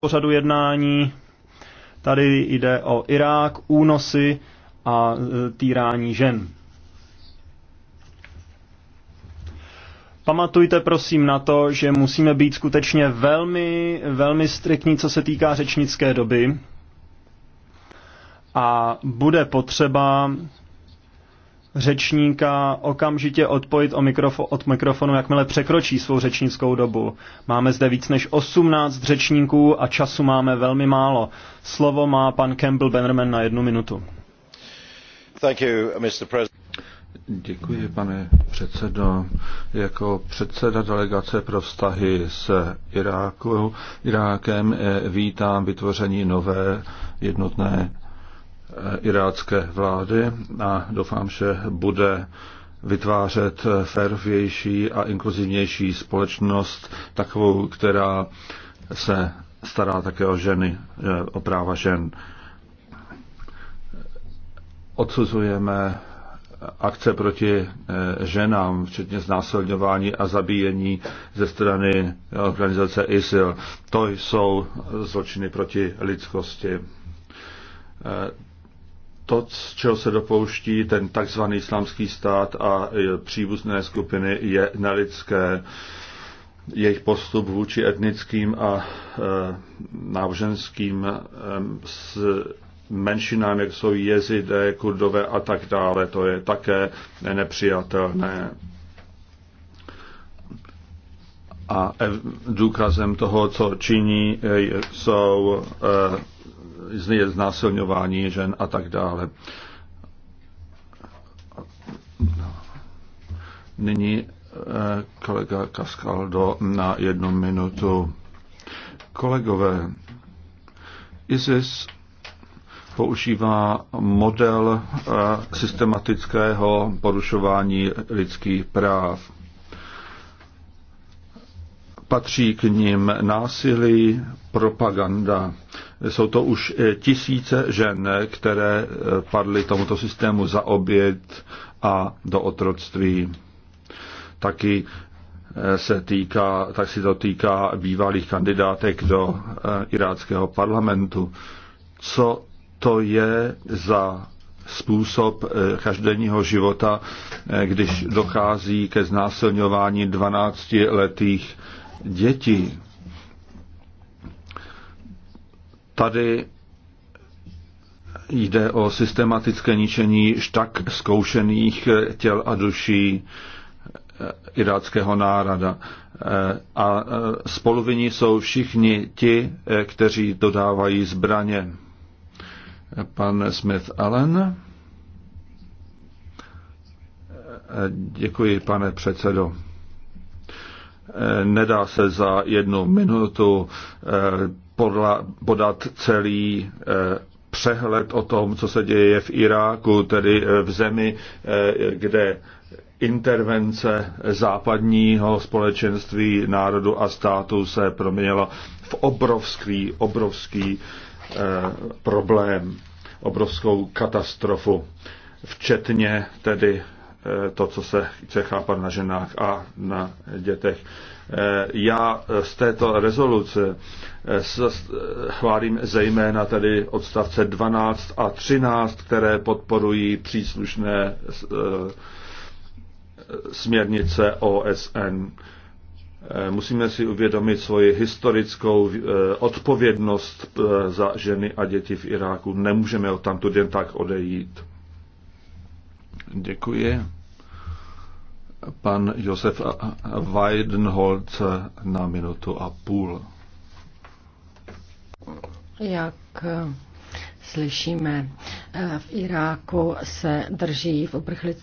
pořadu jednání. Tady jde o Irák, únosy a e, týrání žen. Pamatujte prosím na to, že musíme být skutečně velmi, velmi striktní, co se týká řečnické doby. A bude potřeba řečníka okamžitě odpojit o mikrofo- od mikrofonu, jakmile překročí svou řečnickou dobu. Máme zde víc než 18 řečníků a času máme velmi málo. Slovo má pan Campbell Bannerman na jednu minutu. Thank you, Mr. President. Děkuji, pane předsedo. Jako předseda delegace pro vztahy s Iráku, Irákem eh, vítám vytvoření nové jednotné Eh, irácké vlády a doufám, že bude vytvářet férovější a inkluzivnější společnost, takovou, která se stará také o ženy, eh, o práva žen. Odsuzujeme akce proti eh, ženám, včetně znásilňování a zabíjení ze strany organizace ISIL. To jsou zločiny proti lidskosti to, z čeho se dopouští ten takzvaný islámský stát a příbuzné skupiny, je nelidské. Jejich postup vůči etnickým a e, náboženským e, s menšinám, jak jsou jezidé, kurdové a tak dále, to je také nepřijatelné. A důkazem toho, co činí, e, jsou znásilňování žen a tak dále. No. Nyní eh, kolega Kaskaldo na jednu minutu. Kolegové, ISIS používá model eh, systematického porušování lidských práv. Patří k nim násilí, propaganda. Jsou to už e, tisíce žen, které e, padly tomuto systému za oběd a do otroctví. Taky e, se týká, tak si to týká bývalých kandidátek do iráckého parlamentu. Co to je za způsob každodenního života, když dochází ke znásilňování 12-letých Děti, Tady jde o systematické ničení tak zkoušených těl a duší eh, iráckého národa. Eh, a eh, spoluviní jsou všichni ti, kteří dodávají zbraně. Pan Smith Allen. Děkuji, pane předsedo. Eh, nedá se za jednu minutu eh, podat celý eh, přehled o tom, co se děje v Iráku, tedy v zemi, kde intervence západního společenství národu a státu se proměnila v obrovský, obrovský problém, obrovskou katastrofu, včetně tedy Eh, to, co se chce chápat na ženách a na dětech. Eh, já z této rezoluce eh, chválím zejména tedy odstavce 12 a 13, které podporují příslušné směrnice OSN. Musíme si uvědomit svoji historickou odpovědnost za ženy a děti v Iráku. Nemůžeme od tamtud jen tak odejít. Děkuji. Pan Josef Weidenholz na minutu a půl. Jak slyšíme, v Iráku se drží v,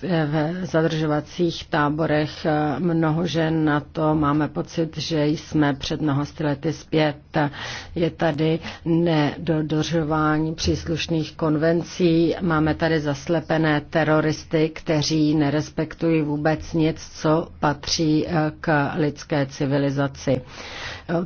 eh, v zadržovacích táborech eh, mnoho žen. Na to máme pocit, že jsme před mnoho lety zpět. Je tady nedodržování příslušných konvencí. Máme tady zaslepené teroristy, kteří nerespektují vůbec nic, co patří eh, k lidské civilizaci.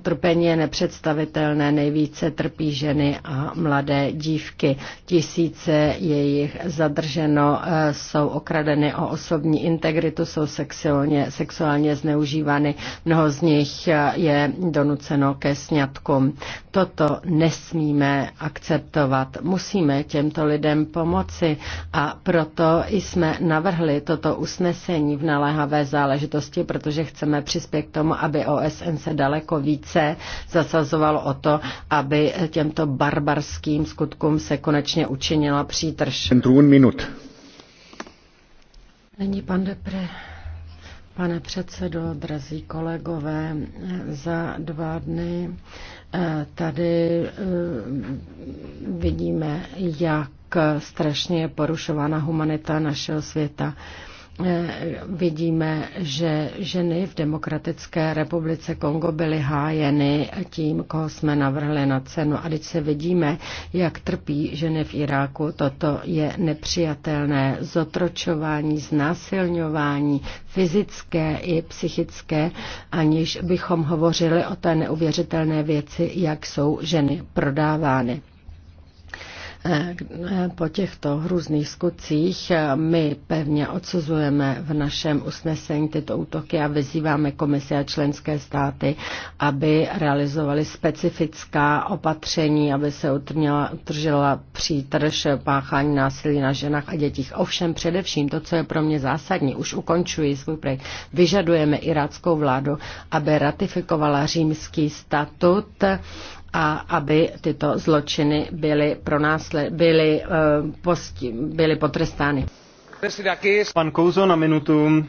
Trpení je nepředstavitelné, nejvíce trpí ženy a mladé dívky. Tisíce jejich zadrženo eh, jsou okradeny o osobní integritu, jsou sexuálně, sexuálně zneužívány. Mnoho z nich eh, je donuceno ke sňatkům. Toto nesmíme akceptovat. Musíme těmto lidem pomoci a proto jsme navrhli toto usnesení v naléhavé záležitosti, protože chceme přispět k tomu, aby OSN se daleko více více zasazoval o to, aby těmto barbarským skutkům se konečně učinila přítrž. minut. Není pan Depre. Pane předsedo, drazí kolegové, za dva dny eh, tady eh, vidíme, jak strašně je porušována humanita našeho světa. Eh, vidíme, že ženy v Demokratické republice Kongo byly hájeny tím, koho jsme navrhli na cenu. A když se vidíme, jak trpí ženy v Iráku, toto je nepřijatelné. Zotročování, znásilňování, fyzické i psychické, aniž bychom hovořili o té neuvěřitelné věci, jak jsou ženy prodávány. Eh, eh, po těchto hrůzných skutcích eh, my pevně odsuzujeme v našem usnesení tyto útoky a vyzýváme komise a členské státy, aby realizovali specifická opatření, aby se utrnila, utržila přítrž páchání násilí na ženách a dětích. Ovšem především to, co je pro mě zásadní, už ukončuji svůj projekt, vyžadujeme iráckou vládu, aby ratifikovala římský statut a aby tyto zločiny byly, pro nás byly, eh, posti, byly potrestány. Pan Kouzo na minutu.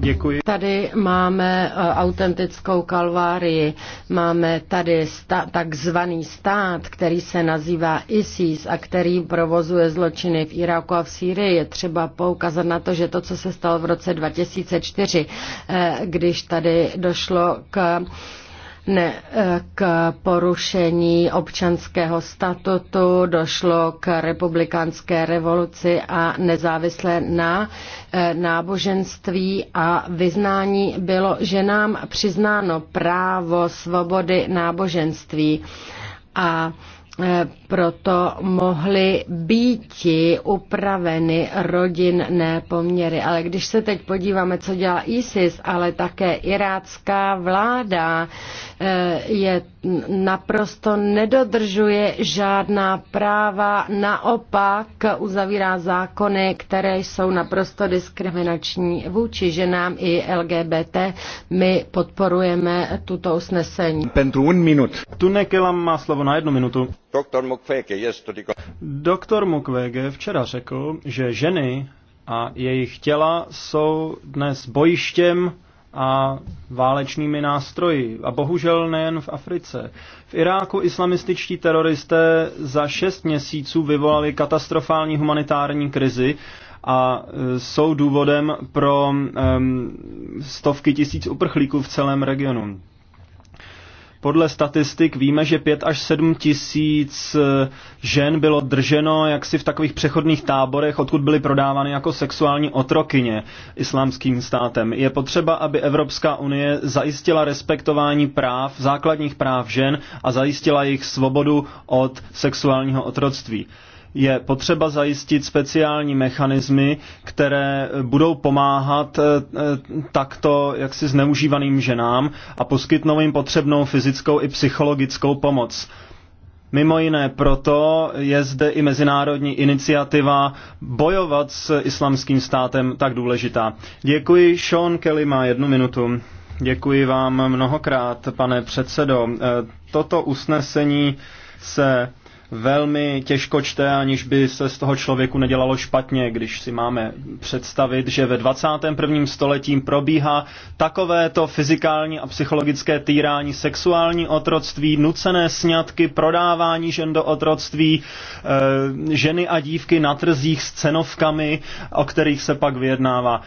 Děkuji. Tady máme eh, autentickou kalvárii. Máme tady sta, takzvaný stát, který se nazývá ISIS a který provozuje zločiny v Iráku a v Sýrii. Je třeba poukazat na to, že to, co se stalo v roce 2004, eh, když tady došlo k ne, eh, k porušení občanského statutu, došlo k republikánské revoluci a nezávisle na eh, náboženství a vyznání bylo že nám přiznáno právo svobody náboženství. A Eh, proto mohly býti upraveny rodinné poměry. Ale když se teď podíváme, co dělá ISIS, ale také irácká vláda eh, je naprosto nedodržuje žádná práva, naopak uzavírá zákony, které jsou naprosto diskriminační vůči ženám i LGBT. My podporujeme tuto usnesení. Pentru un minut. Tunekela má slovo na jednu minutu. Doktor Mukwege, Mukwege včera řekl, že ženy a jejich těla jsou dnes bojištěm a válečnými nástroji. A bohužel nejen v Africe. V Iráku islamističtí teroristé za šest měsíců vyvolali katastrofální humanitární krizi a e, jsou důvodem pro um, stovky tisíc uprchlíků v celém regionu. Podle statistik víme, že 5 až 7 tisíc eh, žen bylo drženo jaksi v takových přechodných táborech, odkud byly prodávány jako sexuální otrokyně islámským státem. Je potřeba, aby Evropská unie zajistila respektování práv, základních práv žen a zajistila jejich svobodu od sexuálního otroctví je potřeba zajistit speciální mechanismy, které budou pomáhat eh, eh, takto jaksi zneužívaným ženám a poskytnou jim potřebnou fyzickou i psychologickou pomoc. Mimo jiné proto je zde i mezinárodní iniciativa bojovat s islamským státem tak důležitá. Děkuji, Sean Kelly má jednu minutu. Děkuji vám mnohokrát, pane předsedo. Eh, toto usnesení se velmi těžko čte, aniž by se z toho člověku nedělalo špatně, když si máme představit, že ve 21. století probíhá takovéto fyzikální a psychologické týrání, sexuální otroctví, nucené sňatky, prodávání žen do otroctví, eh, ženy a dívky na trzích s cenovkami, o kterých se pak vyjednává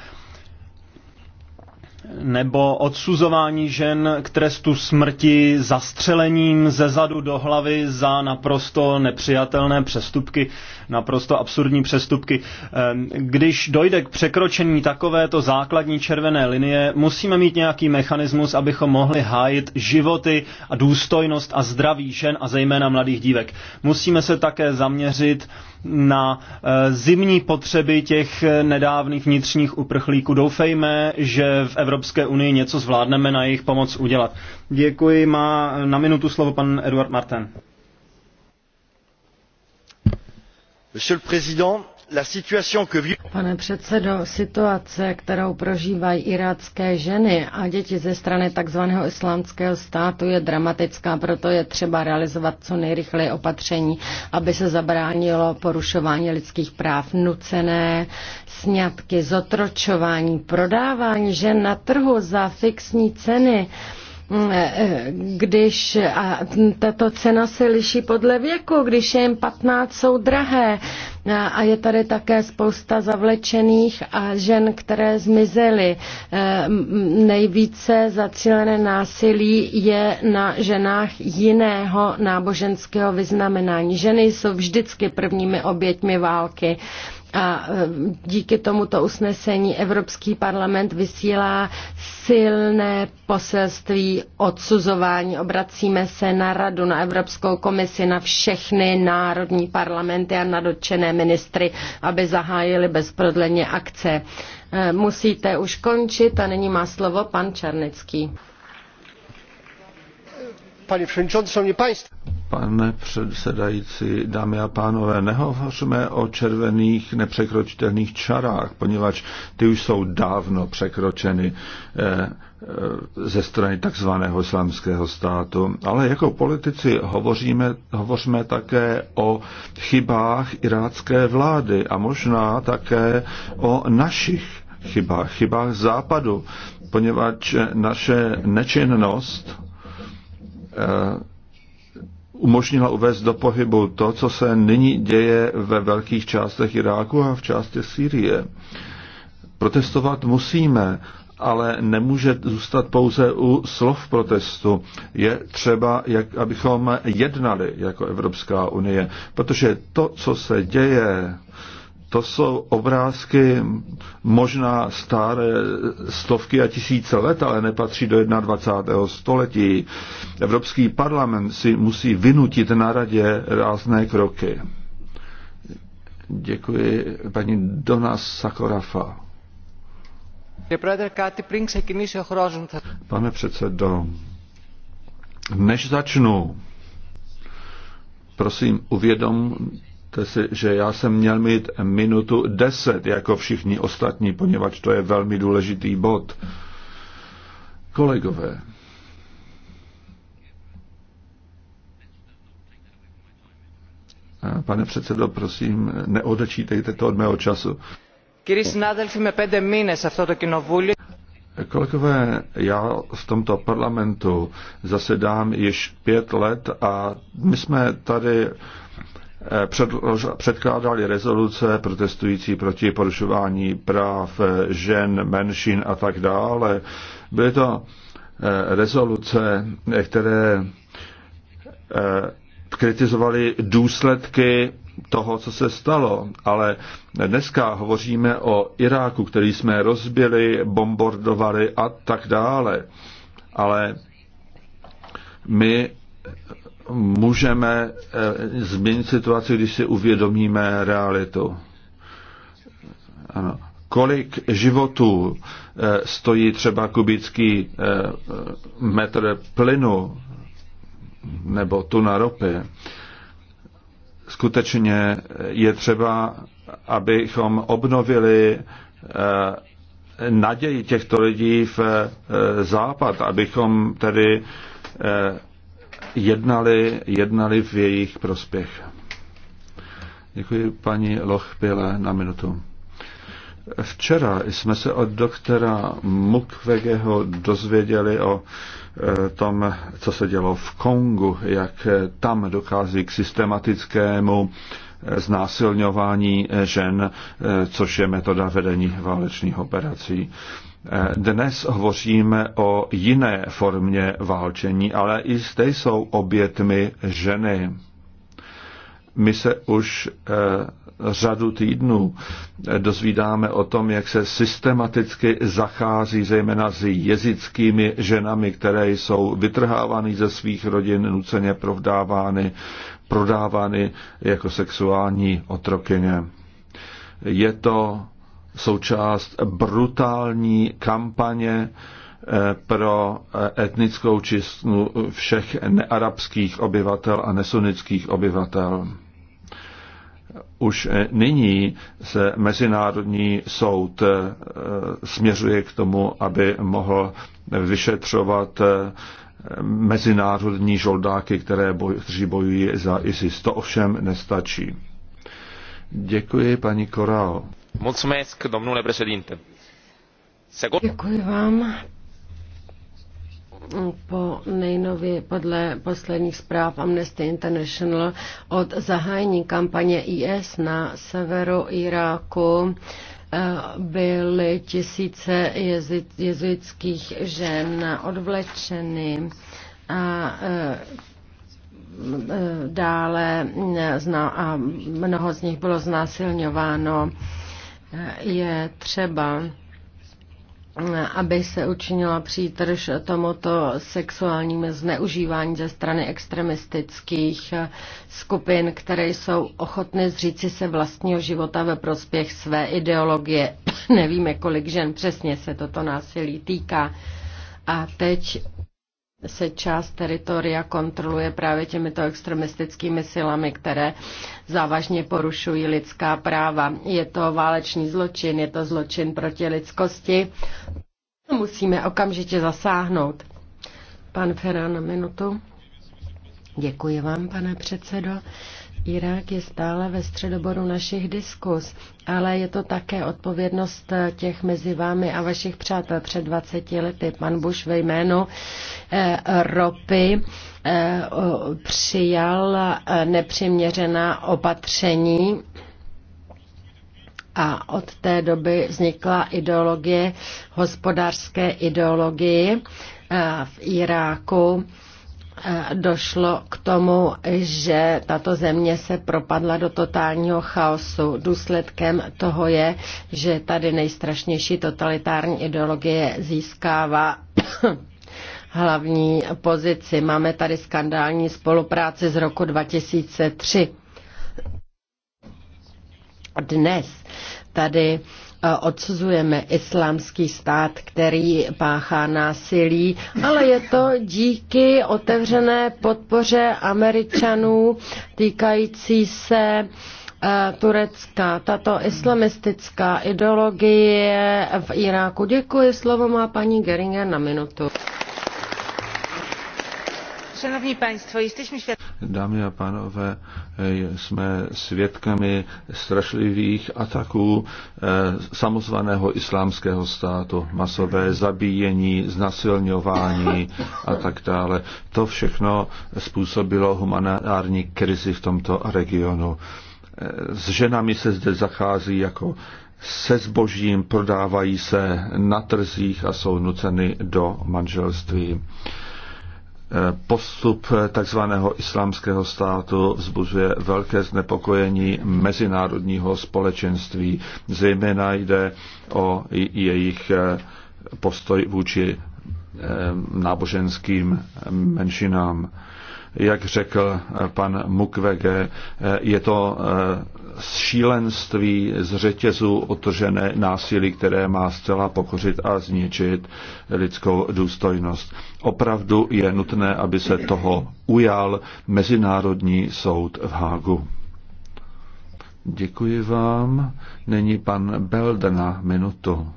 nebo odsuzování žen k trestu smrti zastřelením ze zadu do hlavy za naprosto nepřijatelné přestupky, naprosto absurdní přestupky. Ehm, když dojde k překročení takovéto základní červené linie, musíme mít nějaký mechanismus, abychom mohli hájit životy a důstojnost a zdraví žen a zejména mladých dívek. Musíme se také zaměřit na eh, zimní potřeby těch nedávných vnitřních uprchlíků. Doufejme, že v Evropě Evropské unii něco zvládneme na jejich pomoc udělat. Děkuji, má na minutu slovo pan Eduard Martin. Monsieur le Président, Pane předsedo, situace, kterou prožívají irácké ženy a děti ze strany tzv. islámského státu je dramatická, proto je třeba realizovat co nejrychleji opatření, aby se zabránilo porušování lidských práv, nucené sňatky, zotročování, prodávání žen na trhu za fixní ceny když a tato cena se liší podle věku, když je jim 15, jsou drahé. A je tady také spousta zavlečených a žen, které zmizely. Eh, nejvíce zacílené násilí je na ženách jiného náboženského vyznamenání. Ženy jsou vždycky prvními oběťmi války. A e, díky tomuto usnesení Evropský parlament vysílá silné poselství odsuzování. Obracíme se na radu, na Evropskou komisi, na všechny národní parlamenty a na dotčené ministry, aby zahájili bezprodleně akce. E, musíte už končit a nyní má slovo pan Černický. Panie Przewodniczący, Szanowni Państwo. Pane předsedající, dámy a pánové, nehovořme o červených nepřekročitelných čarách, poněvadž ty už jsou dávno překročeny eh, eh, ze strany takzvaného islámského státu. Ale jako politici hovoříme, hovoříme také o chybách irácké vlády a možná také o našich chybách, chybách západu, poněvadž naše nečinnost Eh, umožnila uvést do pohybu to, co se nyní děje ve velkých částech Iráku a v části Sýrie. Protestovat musíme, ale nemůže zůstat pouze u slov protestu. Je třeba, jak, abychom jednali jako Evropská unie, protože to, co se děje, to jsou obrázky možná staré stovky a tisíce let, ale nepatří do 21. století. Evropský parlament si musí vynutit na radě rázné kroky. Děkuji paní Dona Sakorafa. Pane předsedo, než začnu, prosím uvědomte, si, že já jsem měl mít minutu deset, jako všichni ostatní, poněvadž to je velmi důležitý bod. Kolegové, Pane předsedo, prosím, neodečítejte to od mého času. Kolegové, já v tomto parlamentu zasedám již pět let a my jsme tady předkládali rezoluce protestující proti porušování práv žen, menšin a tak dále. Byly to eh, rezoluce, které eh, kritizovali důsledky toho, co se stalo, ale dneska hovoříme o Iráku, který jsme rozbili, bombardovali a tak dále. Ale my můžeme eh, změnit situaci, když si uvědomíme realitu. Ano. Kolik životů eh, stojí třeba kubický eh, metr plynu nebo tuna ropy? Skutečně je třeba, abychom obnovili naději těchto lidí v západ, abychom tedy jednali, jednali v jejich prospěch. Děkuji paní Lochpile na minutu. Včera jsme se od doktora Mukwegeho dozvěděli o e, tom, co se dělo v Kongu, jak tam dochází k systematickému znásilňování žen, eh, což je metoda vedení válečných operací. Eh, dnes hovoříme o jiné formě válčení, ale i zde jsou obětmi ženy. My se už eh, řadu týdnů dozvídáme o tom, jak se systematicky zachází zejména s jezickými ženami, které jsou vytrhávány ze svých rodin, nuceně provdávány, prodávány jako sexuální otrokyně. Je to součást brutální kampaně eh, pro eh, etnickou čistnu všech nearabských obyvatel a nesunických obyvatel. Už eh, nyní se Mezinárodní soud směřuje k tomu, aby mohl vyšetřovat mezinárodní žoldáky, které boj, kteří bojují za ISIS. To ovšem nestačí. Děkuji, paní Korao. Mulțumesc, domnule președinte. Děkuji vám. Po nejnově podle posledních zpráv Amnesty International od zahájení kampaně IS na severu Iráku byly tisíce jezuitských žen odvlečeny a eh, dále a mnoho z nich bylo znásilňováno. Je třeba aby se učinila přítrž tomuto sexuálním zneužívání ze strany extremistických skupin, které jsou ochotné zříci se vlastního života ve prospěch své ideologie. Nevíme, kolik žen přesně se toto násilí týká. A teď se část teritoria kontroluje právě těmito extremistickými silami, které závažně porušují lidská práva. Je to válečný zločin, je to zločin proti lidskosti. Musíme okamžitě zasáhnout. Pan Ferran, minutu. Děkuji vám, pane předsedo. Irák je stále ve středoboru našich diskus, ale je to také odpovědnost těch mezi vámi a vašich přátel před 20 lety. Pan Bush ve jménu eh, ropy eh, přijal eh, nepřiměřená opatření a od té doby vznikla ideologie, hospodářské ideologie v Iráku Eh, došlo k tomu, že tato země se propadla do totálního chaosu. Důsledkem toho je, že tady nejstrašnější totalitární ideologie získává hlavní pozici. Máme tady skandální spolupráci z roku 2003. Dnes tady odsuzujeme islámský stát, který páchá násilí, ale je to díky otevřené podpoře Američanů týkající se eh, Turecka, tato islamistická ideologie v Iráku. Děkuji, slovo má paní Geringer na minutu. Dámy a pánové, eh, jsme svědkami strašlivých ataků eh, samozvaného islámského státu, masové zabíjení, znasilňování a tak dále. To všechno způsobilo humanitární krizi v tomto regionu. Eh, s ženami se zde zachází jako se zbožím, prodávají se na trzích a jsou nuceny do manželství. Postup takzvaného islámského státu vzbuzuje velké znepokojení mezinárodního společenství. Zejména jde o jejich eh, postoj vůči eh, náboženským menšinám jak řekl eh, pan Mukwege, eh, je to eh, šílenství z řetězu otržené násilí, které má zcela pokořit a zničit lidskou důstojnost. Opravdu je nutné, aby se toho ujal Mezinárodní soud v Hágu. Děkuji vám. Není pan Beldena minutu.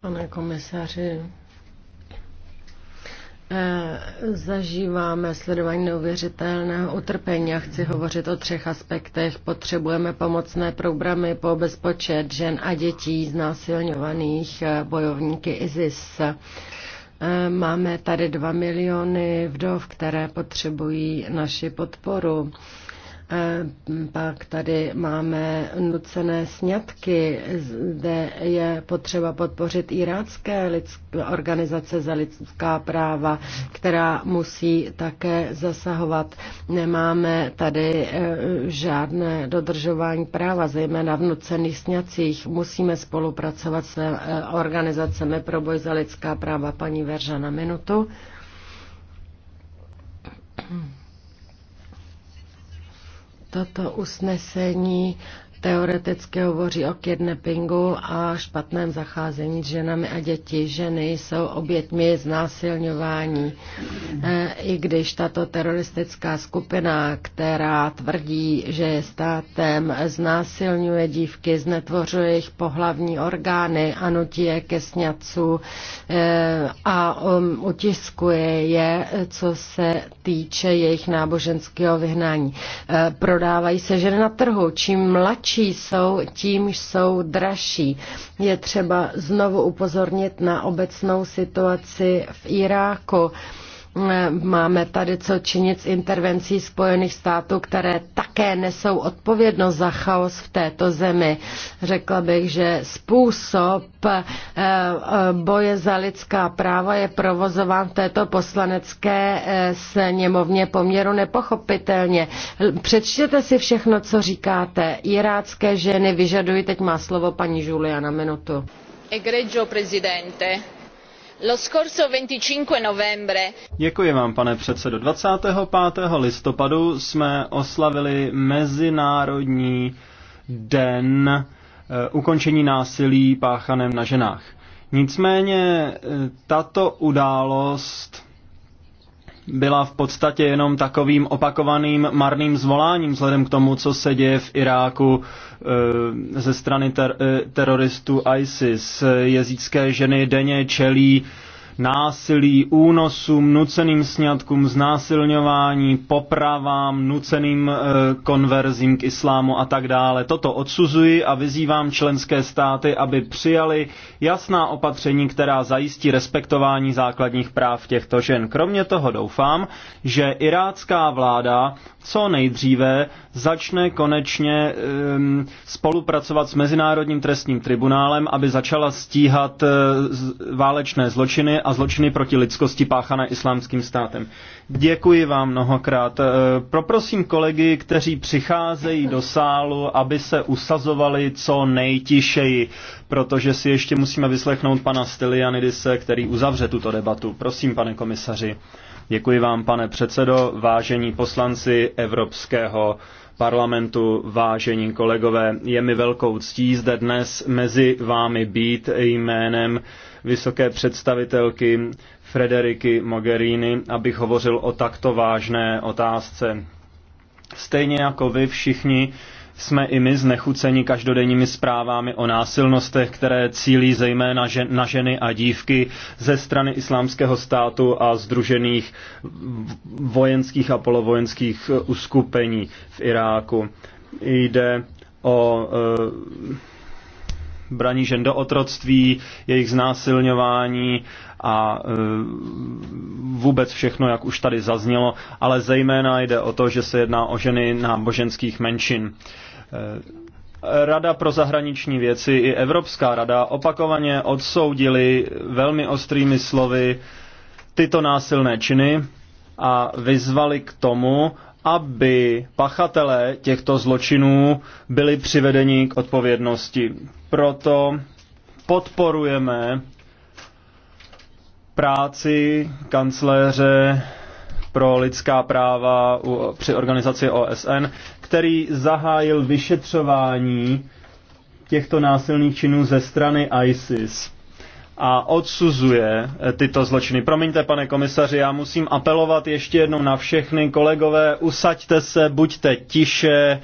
Pane komisaři, eh, Zažíváme sledování neuvěřitelného utrpení a chci hovořit o třech aspektech. Potřebujeme pomocné programy po bezpočet žen a dětí znásilňovaných eh, bojovníky ISIS. Eh, máme tady dva miliony vdov, které potřebují naši podporu. Eh, pak tady máme nucené sňatky, zde je potřeba podpořit irácké organizace za lidská práva, která musí také zasahovat. Nemáme tady eh, žádné dodržování práva, zejména v nucených sňacích. Musíme spolupracovat s eh, organizacemi pro boj za lidská práva. Paní Verža na minutu. Hmm. Toto usnesení teoreticky hovoří o kidnappingu a špatném zacházení s ženami a děti. Ženy jsou oběťmi znásilňování. E, I když tato teroristická skupina, která tvrdí, že je státem, znásilňuje dívky, znetvořuje jejich pohlavní orgány a nutí je ke sňacu e, a um, utiskuje je, co se týče jejich náboženského vyhnání. E, prodávají se ženy na trhu. Čím mladší větší jsou, tím jsou dražší. Je třeba znovu upozornit na obecnou situaci v Iráku. Máme tady co činit s intervencí Spojených států, které také nesou odpovědnost za chaos v této zemi. Řekla bych, že způsob eh, eh, boje za lidská práva je provozován v této poslanecké eh, sněmovně poměru nepochopitelně. Přečtěte si všechno, co říkáte. Irácké ženy vyžadují, teď má slovo paní Juliana minutu. Egregio prezidente, Lo scorso Děkuji vám, pane předsedo. 25. listopadu jsme oslavili Mezinárodní den eh, ukončení násilí páchaném na ženách. Nicméně eh, tato událost byla v podstatě jenom takovým opakovaným marným zvoláním vzhledem k tomu, co se děje v Iráku eh, ze strany ter- eh, teroristů ISIS. Jezícké ženy denně čelí násilí, únosům, nuceným sňatkům, znásilňování, popravám, nuceným e, konverzím k islámu a tak dále. Toto odsuzuji a vyzývám členské státy, aby přijali jasná opatření, která zajistí respektování základních práv těchto žen. Kromě toho doufám, že irácká vláda co nejdříve začne konečně um, spolupracovat s Mezinárodním trestním tribunálem, aby začala stíhat uh, válečné zločiny a zločiny proti lidskosti páchané islámským státem. Děkuji vám mnohokrát. Eh, Proprosím kolegy, kteří přicházejí do sálu, aby se usazovali co nejtišeji, protože si ještě musíme vyslechnout pana Stylianidise, který uzavře tuto debatu. Prosím, pane komisaři. Děkuji vám, pane předsedo, vážení poslanci Evropského parlamentu, vážení kolegové. Je mi velkou ctí zde dnes mezi vámi být jménem vysoké představitelky Frederiky Mogherini, abych hovořil o takto vážné otázce. Stejně jako vy všichni, jsme i my znechuceni každodenními zprávami o násilnostech, které cílí zejména na ženy a dívky ze strany islámského státu a združených vojenských a polovojenských eh, uskupení v Iráku. Jde o eh, braní žen do otroctví, jejich znásilňování a e, vůbec všechno, jak už tady zaznělo, ale zejména jde o to, že se jedná o ženy náboženských menšin. E, rada pro zahraniční věci i Evropská rada opakovaně odsoudili velmi ostrými slovy tyto násilné činy a vyzvali k tomu, aby pachatelé těchto zločinů byli přivedeni k odpovědnosti. Proto podporujeme práci kancléře pro lidská práva při organizaci OSN, který zahájil vyšetřování těchto násilných činů ze strany ISIS a odsuzuje eh, tyto zločiny. Promiňte, pane komisaři, já musím apelovat ještě jednou na všechny kolegové, usaďte se, buďte tiše,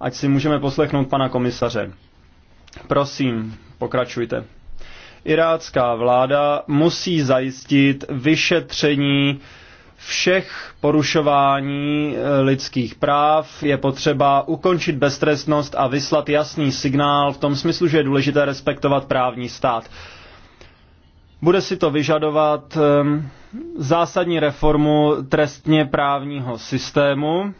ať si můžeme poslechnout pana komisaře. Prosím, pokračujte. Irácká vláda musí zajistit vyšetření všech porušování eh, lidských práv je potřeba ukončit beztrestnost a vyslat jasný signál v tom smyslu, že je důležité respektovat právní stát. Bude si to vyžadovat ehm, zásadní reformu trestně právního systému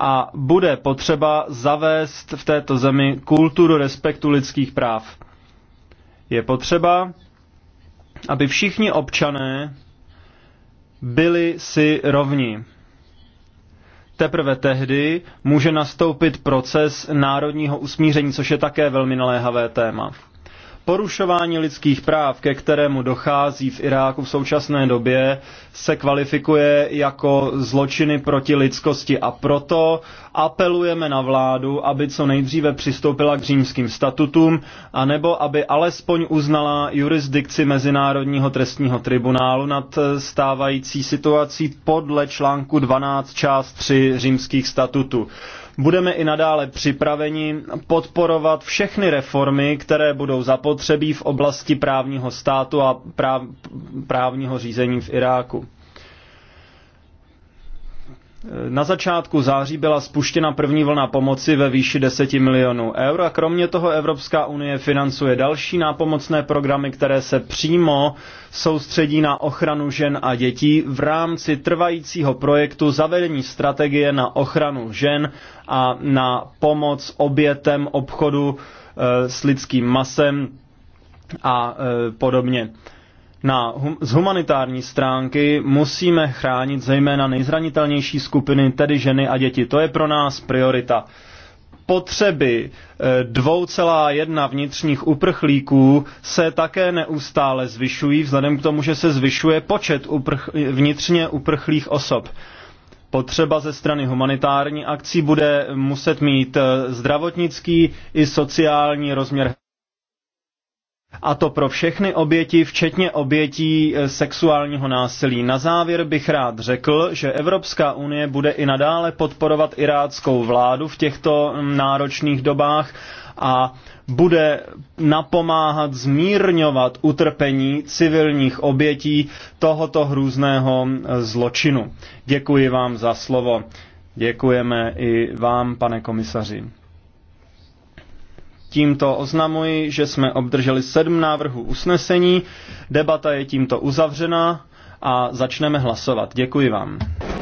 a bude potřeba zavést v této zemi kulturu respektu lidských práv. Je potřeba, aby všichni občané byli si rovni. Teprve tehdy může nastoupit proces národního usmíření, což je také velmi naléhavé téma. Porušování lidských práv, ke kterému dochází v Iráku v současné době, se kvalifikuje jako zločiny proti lidskosti a proto apelujeme na vládu, aby co nejdříve přistoupila k římským statutům, anebo aby alespoň uznala jurisdikci Mezinárodního trestního tribunálu nad eh, stávající situací podle článku 12 část 3 římských statutů. Budeme i nadále připraveni podporovat všechny reformy, které budou zapotřebí v oblasti právního státu a práv, právního řízení v Iráku. Na začátku září byla spuštěna první vlna pomoci ve výši 10 milionů eur a kromě toho Evropská unie financuje další nápomocné programy, které se přímo soustředí na ochranu žen a dětí v rámci trvajícího projektu zavedení strategie na ochranu žen a na pomoc obětem obchodu eh, s lidským masem a eh, podobně. Na, hum, z humanitární stránky musíme chránit zejména nejzranitelnější skupiny, tedy ženy a děti. To je pro nás priorita. Potřeby 2,1 e, vnitřních uprchlíků se také neustále zvyšují, vzhledem k tomu, že se zvyšuje počet uprch, vnitřně uprchlých osob potřeba ze strany humanitární akcí bude muset mít e, zdravotnický i sociální rozměr. A to pro všechny oběti, včetně obětí eh, sexuálního násilí. Na závěr bych rád řekl, že Evropská unie bude i nadále podporovat iráckou vládu v těchto mm, náročných dobách a bude napomáhat zmírňovat utrpení civilních obětí tohoto hrůzného eh, zločinu. Děkuji vám za slovo. Děkujeme i vám, pane komisaři. Tímto oznamuji, že jsme obdrželi sedm návrhů usnesení. Debata je tímto uzavřena a začneme hlasovat. Děkuji vám.